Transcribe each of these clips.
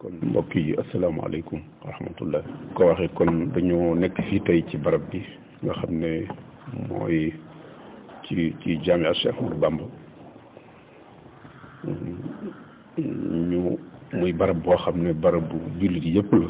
kon mbokk yi asalaamaaleykum wa rahmatullah ko waxee kon dañoo nekk fii tey ci barab bi nga xam ne mooy ci ci jaamia Cheikh Ahmadou Bamba ñu muy barab boo xam ne barab bu jullit yëpp la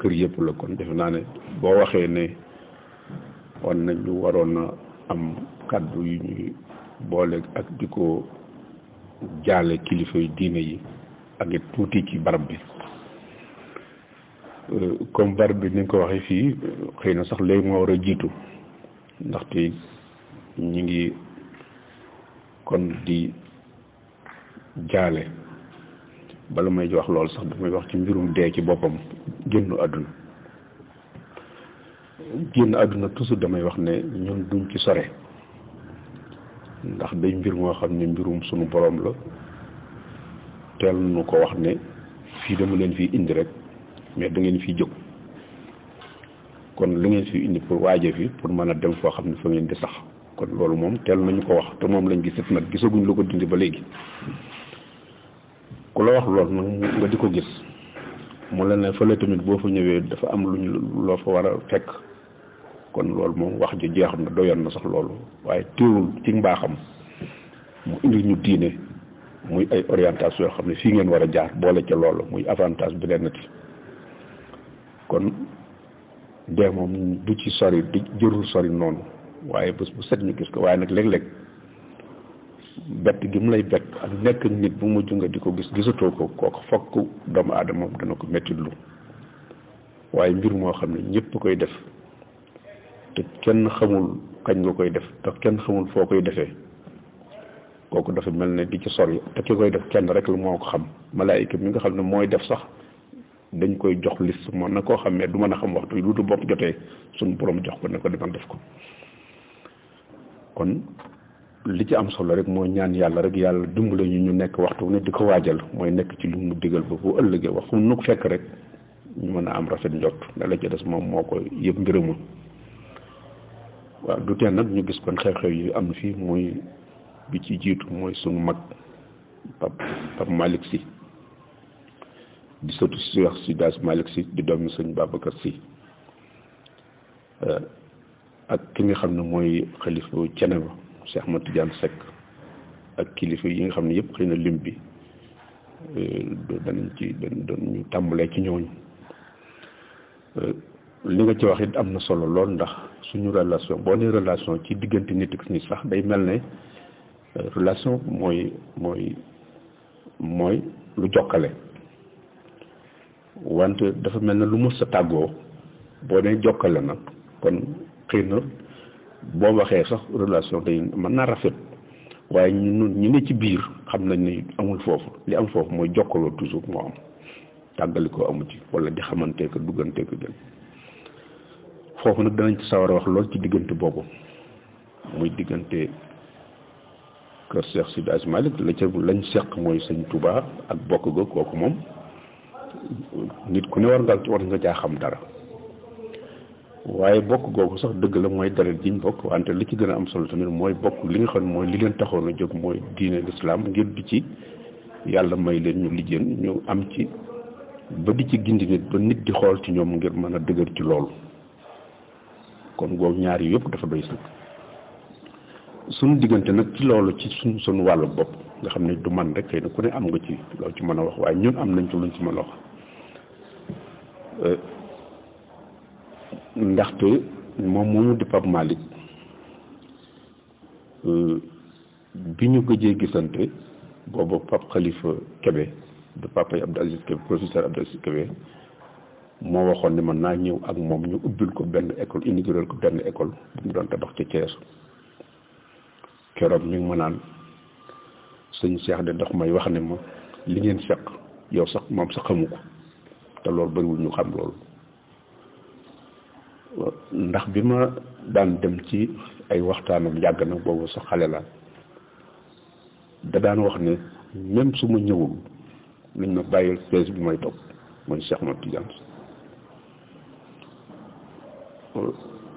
kër yëpp la kon defe naa ne boo waxee ne war nañu waroon a am kàddu yu ñuy boole ak di ko jaale kilifa yu diine yi ak it tuuti ci barab bi euh, comme barab bi ni nga ko waxee fii xëy na sax léegi moo war a jiitu ndaxte ñu ngi kon di jaale bala may wax loolu sax damay wax ci mbirum dee ci boppam génn àdduna génn àdduna toujours damay wax ne ñun duñ ci sore ndax day mbir moo xam ne mbirum sunu borom la teel nu ko wax ne fii dama leen fii indi rek mais da ngeen fi jóg kon li ngeen fi indi pour waaje fi pour mën a dem foo xam ne fa ngeen di sax kon loolu moom teel nañu ko wax te moom lañ gisat nag gisaguñ lu ko dindi ba léegi ku la wax loolu nag nga di ko gis mu la ne fële tamit boo fa ñëwee dafa am lu ñu loo fa war a fekk kon loolu moom wax ji jeex na doyoon na sax loolu waaye teewul ci mbaaxam mu indi ñu diine muy ay orientation yoo xam ne fii ngeen war a jaar boole ca loolu muy avantage bi leen nati kon dee moom du ci sori du jërul sori noonu waaye bés bu set ñu gis ko waaye nag léeg-léeg bett gi mu lay bett ak nekk nit bu mujj nga di ko gis gisatoo ko kooku fokk doomu aadama dana ko mettitlu waaye mbir moo xam ne ñëpp koy def te kenn xamul kañ nga koy def te kenn xamul foo koy defee kooku dafa mel ne di ci sori te ki koy def kenn rek lu moo ko xam malaayika mi nga xam ne mooy def sax dañ koy jox liste moom na koo xam ne du mën a xam waxtu lu du bopp jotee suñu borom jox ko ne ko demal def ko kon li ci am solo rek mooy ñaan yàlla rek yàlla dimbale ñu ñu nekk waxtu ne di ko waajal mooy nekk ci lu mu digal ba bu ëllëgee wax fu nu ko fekk rek ñu mën a am rafet njott ne la ci des moom moo ko yëpp mbirama waaw du tee nag ñu gis kon xew-xew yi am fii muy bi ci jiitu mooy suñu mag pap pap si di sëtu si wax si daas Malick si di doomi sëñ Babacar si eh, ak ki nga xam ne mooy xalifa Ceneba Cheikh Ahmad Tidiane Seck ak kilifa yi nga xam ne yëpp xëy na lim bi eh, danañ ci danañu tàmbalee ci ñooñu eh, li nga ci wax it am na solo lool ndax suñu relation boo nee relation ci diggante nit ak sax day mel ne relation mooy mooy mooy lu jokkale wante dafa mel ne lu mu sa tàggoo boo nee jokkale nag kon xëy na boo waxee sax relation day mën naa rafet waaye ñun ñu ne ci biir xam nañ ne amul foofu li am foofu mooy jokkaloo toujours moo am tàggali koo amu ci wala di xamante ko duggante foofu nag danañ ci sawar a wax lool ci diggante boobu muy diggante kër Cheikh Sidi Aj Malick la ca lañ seq mooy sëñ tubaa ak bokk ga kooku moom nit ku ne war nga war nga caa xam dara waaye bokk googu sax dëgg la mooy deret jiñ bokk wante li ci gën a am solo tamit mooy bokk li nga xam mooy li leen taxoon a jóg mooy diine lislaam ngir di ci yàlla may leen ñu lijjeen ñu am ci ba di ci gindi nit ba nit di xool ci ñoom ngir mën a dëgër ci loolu kon googu ñaar yëpp dafa doy sëkk suñu diggante nag ci loolu ci suñ suñu wàllu bopp nga xam ne du man rek xëy na ku ne am nga ci loo ci mën a wax waaye ñun am nañ ci luñ ci mën a euh, ndaxte moom moomu di Pape Malick euh, bi ñu gëjee gisante boobu Pape Khalifa Kébé du papa yi Abdou professeur Abdou Aziz moo waxoon ne mën naa ñëw ak moom ñu ubbil ko benn école inaugurer ko benn école bu mu doon tabax ca Thiès keroog mi ngi ma naan sëñ Cheikh de dox may wax ne ma li ngeen seq yow sax moom sax xamu ko te loolu bëriwul ñu xam loolu ndax bi ma daan dem ci ay waxtaanam yàgg na boobu sa xale la da daan wax ne même su ma ñëwul nañ ma bàyyil bi may topp mooy Cheikh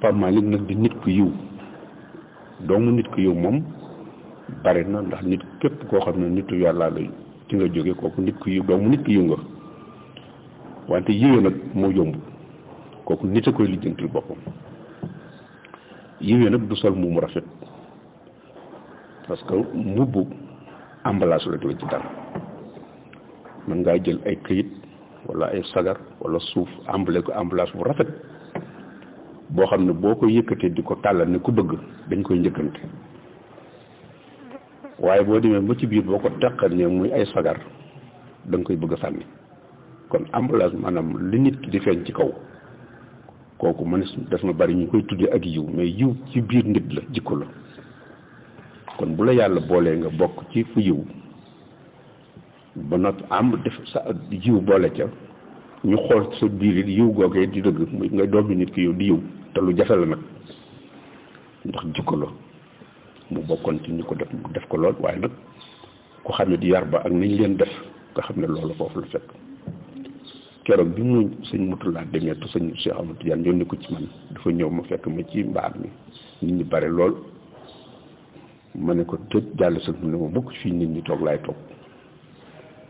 pa malik nag di nit ku yiw doomu ku yiw moom bari na ndax nit képp koo xam ne nitu yàllaa la ci nga jóge kooku nit ku yiw doomu nit ku yiw nga wante yiwee nag moo yomb kooku nit a koy lijjantil boppam yiwee nag du sol mu mu rafet parce que mbubb emballage rek la ci dara mën ngaa jël ay këyit walla ay sagar walla suuf emballé ko emballage bu rafet boo xam ne boo ko yëkkatee di ko tàllal ne ku bëgg dañ koy njëkkante waaye boo demee ba ci biir boo ko teqalee muy ay sagar danga koy bëgg a sànni kon emballage maanaam li nit ki di feeñ ci kaw kooku man def na bari ñu koy tuddee ak yiw mais yiw ci biir nit la jikko la kon bu la yàlla boolee nga bokk ci fu yiw ba noppi am def sa yiw boole ca ñu xool sa biir it yiw googee di dëgg muy nga doom nit ki yow di yiw te lu jafe la nag ndax jikko la mu bokkoon ci ñu ko def def ko lool waaye nag ku xam ne di yar ba ak nañ leen def nga xam ne loolu foofu la fekk keroog bi mu sëñ mutulaa demee te sëñ Cheikh Amadou Tidiane yónni ko ci man dafa ñëw ma fekk ma ci mbaar mi nit ñi bare lool ma ne ko tëj jàll sa ne ma bokk fii nit ñi toog laay toog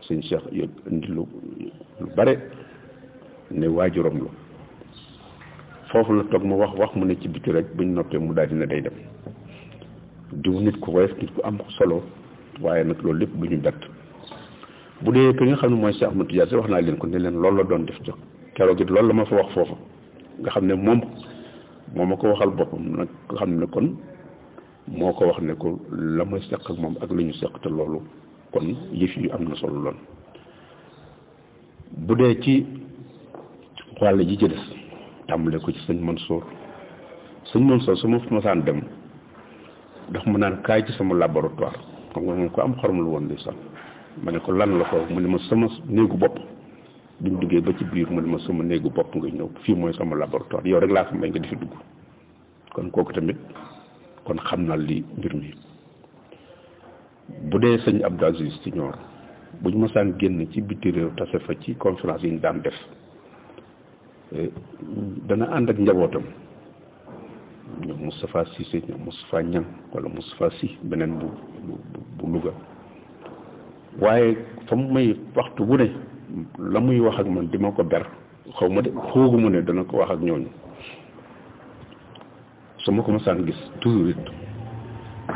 sëñ Cheikh yëg indi lu lu bare ne waajuram la foofu la toog mu wax wax mu ne ci biti rek buñ noppee mu daal dina day dem diw nit ko woyof nit ku am solo waaye nag loolu lépp bu ñu bett bu dee ki nga xam ne mooy Cheikh Ahmadou Tidiane wax naa leen ko ne leen loolu la doon def jox keroog it loolu la ma fa wax foofu nga xam ne moom moo ma ko waxal boppam nag nga xam ne kon moo ko wax ne ko la moom ak lu ñu seq te loolu kon yëf yu am na solo lool bu dee ci wàll ji ci des tàmbale ko ci sëñ Mansour sëñ Mansour su ma masaan dem. ndax mu naan kaay ci sama laboratoire xam nga moom ko am xorom lu woon di sax ma ne ko lan la ko mu ne ma sama néegu bopp bi duggee ba ci biir mu ne ma sama néegu bopp nga ñëw fii mooy sama laboratoire yow rek laa ko may nga di fi dugg kon kooku tamit kon xam naa li mbir mi bu dee sëñ Abdou Aziz ci ñoor bu ñu masaan génn ci biti réew tase fa ci conférence yi ñu daan def eh, dana ànd ak njabootam ñoom Moustapha Cissé ñoom Moustapha Niang wala Moustapha Sy beneen bu bu Louga waaye fa mu may waxtu bu ne la muy wax ak man di ma ko ber xaw ma de xoogu mu ne dana ko wax ak ñooñu su ma ko masaan gis toujours it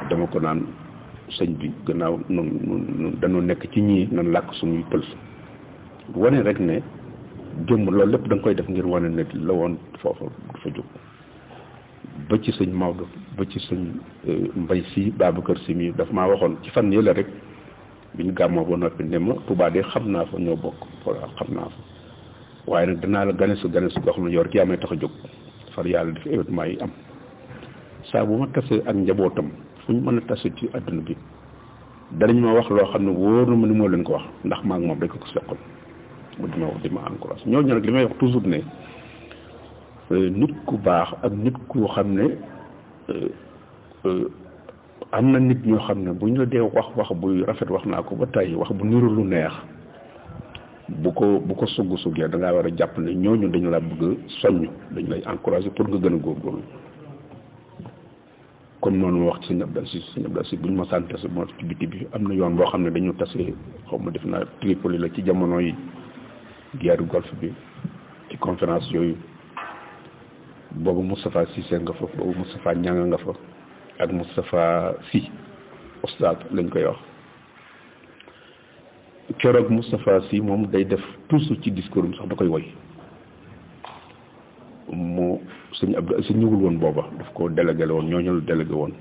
dama ko naan sëñ bi gannaaw nun dañoo nekk ci ñii nan làkk suñuy pël wane rek ne jëmm loolu lépp da koy def ngir wane ne la woon foofa dafa jóg ba ci sëñ Maodo ba ci sëñ mbay si kër si mii dafa maa waxoon ci fan yële rek biñ gàmmoo ba noppi ne ma Touba de xam naa fa ñoo bokk xam naa waaye nag danaa la gane su gane su gox lu yor ki amee tax a jóg far yàlla def événement yi am saa bu ma tasee ak njabootam fu ñu mën a tase ci àdduna bi danañ ma wax loo xam ne wóor na ma ni moo leen ko wax ndax maa moom rek ko seqal mu di ma wax di ma ñooñu nag li may wax toujours ne Euh, nit ku baax ak nit koo xam ne euh, euh, am na nit ñoo xam ne bu ñu la dee wax wax buy rafet wax naa ko ba tey wax bu niru lu neex bu ko bu ko sugg suggee da ngaa war a jàpp ne ñooñu dañu la bëgg soññ dañu lay encouragé pour nga gën a góorgóorlu comme noonu ma wax ci sëñ Abdal Si sëñ Abdal Si bu ñu ma sante sa moo ci biti bi am na yoon boo xam ne dañu tase xaw ma def naa Tripoli la ci jamono yi guerre golfe bi ci conférence yooyu boobu Moustapha Cissé nga fa boobu Moustapha Ñanga nga fa ak Moustapha Sy oustad lañ koy wax keroog Moustapha sii moom day def toujours ci discours sax da koy woy mu sëñ Abdou si ñëwul woon booba daf ko délégué woon ñooñu la délégué woon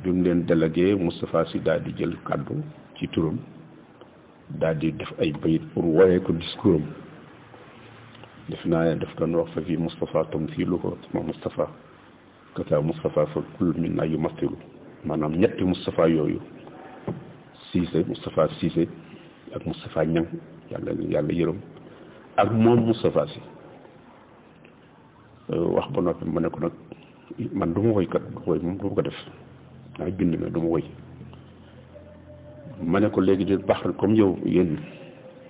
bi mu leen délégué Moustapha Sy daal di jël kàddu ci turam daal di def ay bayit pour woyee ko discours am def naa def doon wax fa fii Moustapha tamsilu ko ma Moustapha kata Moustapha fa kullu min naa yu mastilu maanaam ñetti Moustapha yooyu Cissé Moustapha Cissé ak Moustapha Niang yàlla yàlla yërëm ak moom Moustapha si euh, wax ba noppi ma ne ko nag man du ma woy kat woy moom du ko def naa bind mais du ma woy ma ne ko léegi di baax comme yow yéen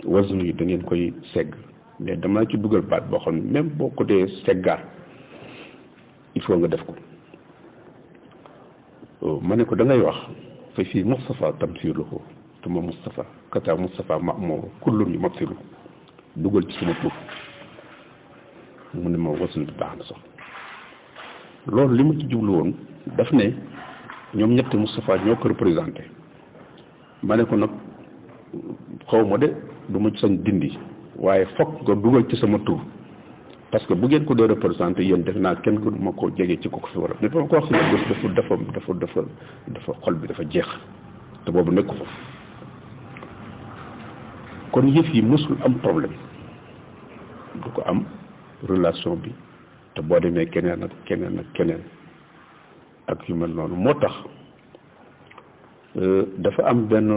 wazn da ngeen koy segg mais damaa ci dugal baat boo xam ne même boo ko dee seggaar il faut nga def ko oh, ma ne ko da wax fa fii Moustapha tamsiluhu te ma Moustapha kata Moustapha ma moo kullum yu mabsilu dugal ci sama tur mu ne ma wasul bi baax na sax loolu li ma ci jublu woon daf ne ñoom ñetti Moustapha ñoo ko représenté ma ne ko nag xaw ma de du ma sañ dindi waaye fokk nga dugal ci sama tur parce que bu ngeen ko dee représenté yéen def naa kenn gënu duma ko jege ci ko ko fi war a ko wax si dafa dafa dafa dafa xol bi dafa jeex te boobu nekku fa kon yëf yi mësul am problème du ko am relation bi te boo demee keneen ak keneen ak keneen ak yu mel noonu moo tax euh, dafa am benn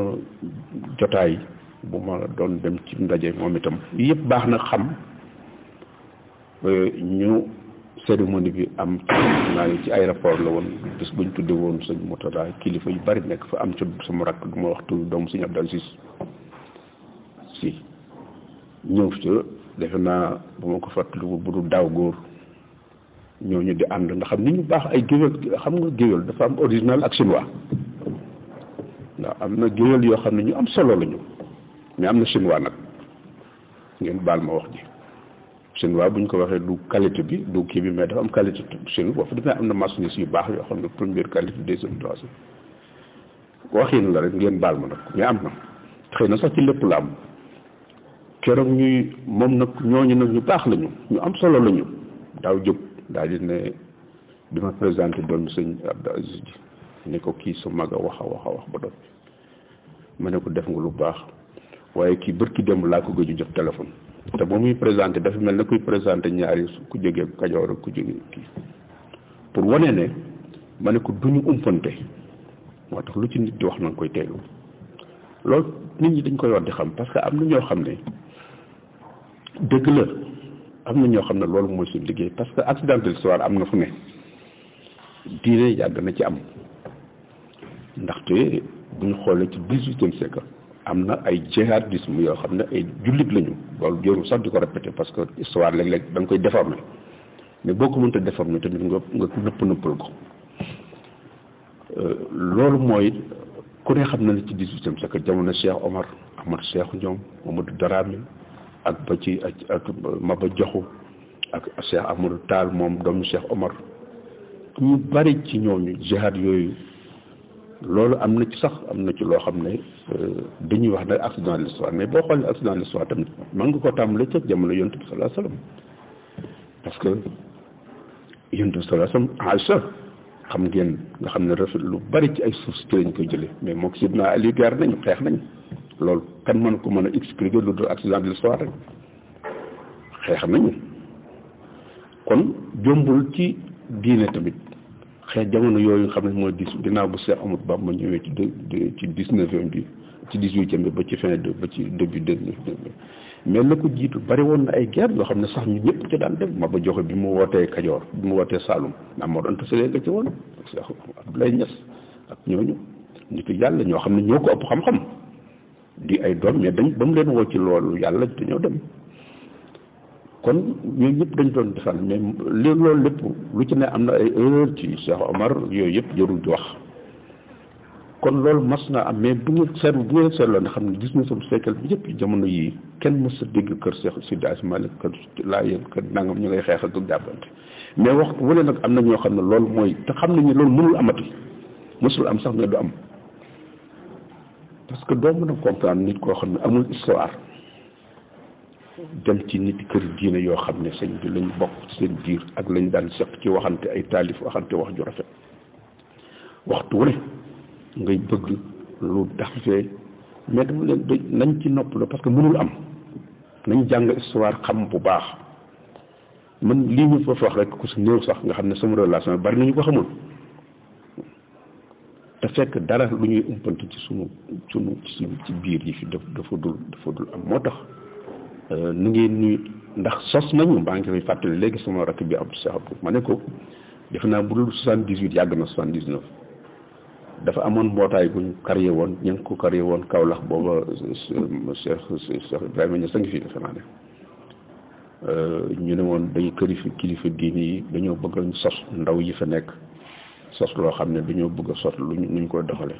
jotaay bu ma doon dem ci ndaje moom itam yëpp baax na xam ñu cérémonie bi am naa ci aéroport la woon bis buñ tudde woon sëñ Mourtada kilifa yu bari nekk fa am ci sama rakk du ma wax tudd doomu sëñ Abdou Aziz si ñëw ci defe naa bu ma ko fàttaliku bu dul daaw góor ñooñu di ànd ndax xam ni ñu baax ay géwél xam nga géwél dafa am original ak chinois ndax am na géwél yoo xam ne ñu am solo lañu mais am na chinois nag ngeen baal ma wax ji chinois bu ñu ko waxee du qualité bi du kii bi mais dafa am qualité chinois boo fa demee am na machiniste yu baax yoo xam ne première qualité deuxième troisième waxin la rek ngeen baal ma nag mais am na xëy na sax ci lépp la am keroog ñuy moom nag ñooñu nag ñu baax lañu ñu am solo lañu daaw jóg daal di ne bi ma présenté doom bi sëñ Aziz ji ne ko kii su mag a wax a wax a wax ba doon ma ne ko def nga lu baax waaye kii bërki démb laa ko gëju jot téléphone te ba muy présenté dafa mel na kuy présenté ñaari ku jógee Kajoor ak ku jógee pour wane ne mane ne ko ñu umpante moo tax lu ci nit di wax na nga koy teelu loolu nit ñi dañ koy war di xam parce que am na ñoo xam ne dëgg la am na ñoo xam ne loolu mooy suñu liggéey parce que accident de l'histoire am na fu ne diine yàgg na ci am ndaxte bu ñu xoolee ci dix-huitième siècle am na ay jihadisme yoo xam ne ay jullit lañu loolu jërul sax di ko répété parce que histoire léeg-léeg da nga koy déformé mais boo ko mënta déformé tamit nga nga nëpp nëppal euh, mooy ku xam na ne ci dix-huitième jamono Cheikh Omar Ahmad Cheikh Ndiom Mamadou Darame ak ba ci ak ak Maba ak Cheikh Amadou taal moom doomu Cheikh Omar ñu bari ci ñooñu jihad yooyu loolu am na ci sax am na ci loo xam ne euh, dañuy wax ne accident de l'histoire mais boo xoolee accident de l'histoire tamit mën nga ko tàmbale ca jamono yonent bi salaa que yonent bi salaa salaam Aïcha xam ngeen nga xam ne rafet lu bari ci ay source ci lañ koy jëlee mais mook naa Ali gar nañu xeex nañu loolu kan mën ko mën a expliquer lu du accident de l'histoire rek xeex nañu kon jombul ci diine tamit xëy jamono yooyu xam ne mooy dix ginnaaw bu Cheikh Amadou Bamba ñëwee ci ci dix-neuvième bi ci dix-huitième bi ba ci fin de ba ci début de mais la ko jiitu bari woon na ay guerre yoo xam ne sax ñu ñëpp ci daan dem ma ba joxe bi mu wootee Kajoor bi mu wootee Saalum ndax moo doon tasale nga ci woon Cheikh Abdoulaye Niass ak ñooñu nitu yàlla ñoo xam ne ñoo ko ëpp xam-xam di ay doom mais dañ ba mu leen woo ci loolu yàlla dañoo dem kon yooyu yëpp dañu doon defal mais li loolu lépp lu ci ne am na ay erreur ci Cheikh Omar yooyu yëpp jarul di wax kon loolu mas na am mais bu ngeen seetlu bu ngeen seetloo ne xam ne gis na soo siècle bi yëpp jamono yii kenn mës a dégg kër Cheikh Sidi Hadj Malick kër Laayeen nangam ñu ngay xeexal ak jàppante mais wax wala nag am na ñoo xam ne loolu mooy te xam nañu loolu mënul amati mësul am sax mais du am parce que doo mën a comprendre nit koo xam ne amul histoire. dem ci nit kër diine yoo xam ne sëñ bi lañ bokk seen biir ak lañ daan seq ci waxante ay taalif waxante wax ju rafet waxtu wu ne ngay bëgg lu dafee mais dama leen doy nañ ci nopp la parce que mënul am nañ jàng histoire xam bu baax man lii ñu foofu wax rek ku si néew sax nga xam ne sama relation bari nañu ko xamul te fekk dara lu ñuy umpante ci sunu sunu ci biir yi fi dafa dul dafa dul am moo tax Euh, nu ngeen ni ndax sos nañu maa ngi koy fàttali léegi sama rakk bi Abdou Cheikh Abdou ma ne ko defe naa bu dul soixante dix huit yàgg na soixante dix neuf dafa amoon mbootaay bu ñu karye woon ñu ngi ko karye woon Kaolack booba Cheikh Cheikh Ibrahima Niass a ngi fi defe euh, ñu ne dañu kilifa kilifa diini yi dañoo bëgg sos ndaw yi fa nekk sos loo xam ne dañoo bëgg a sos luñ luñ koy doxale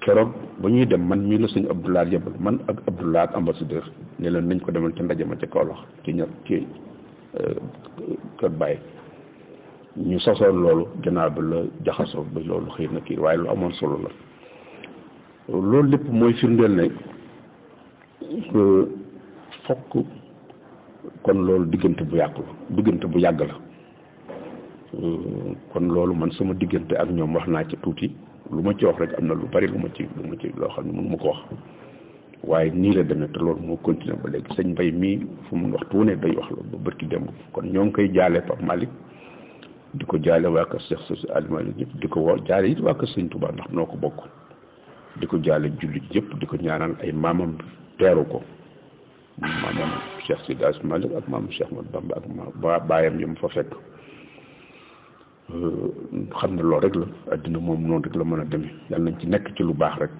kérok bu ñuy dem man mi la suñu abdoulaat yebal man ak abdoulaat ambassadeur ne leen nañ ko demal ci ndaje ma ko wax ci euh, ñu ci kër bay ñu sasoon loolu gannaaw bi la jaxaso ba loolu xëy na kii waaye lu amoon solo la loolu lépp mooy firndeel ne fokk kon loolu diggante bu yàgg la diggante bu yàgg la euh, kon loolu man sama diggante ak ñoom wax naa ci tuuti lu ma ci wax rek am na lu bari lu ma ci lu ma loo xam ne mënu ma ko wax waaye nii la demee te loolu moo continué ba léegi sëñ Mbay mii fu mu wax tuune day wax loolu ba bërki ko kon ñoo ngi koy jaalee Pape malik di ko jaale waa kër Cheikh Sëñ di ko woo jaale it waa kër Sëñ Touba ndax noo ko bokk di ko jaale jullit yëpp di ko ñaanal ay maamam teeru ko maamam Cheikh Sidi Malick ak maamam Cheikh Mat Bamba ma baayam yi mu fa fekk xam ne loolu rek la addina moom noonu rek la mën a demee yàlla nañ ci nekk ci lu baax rek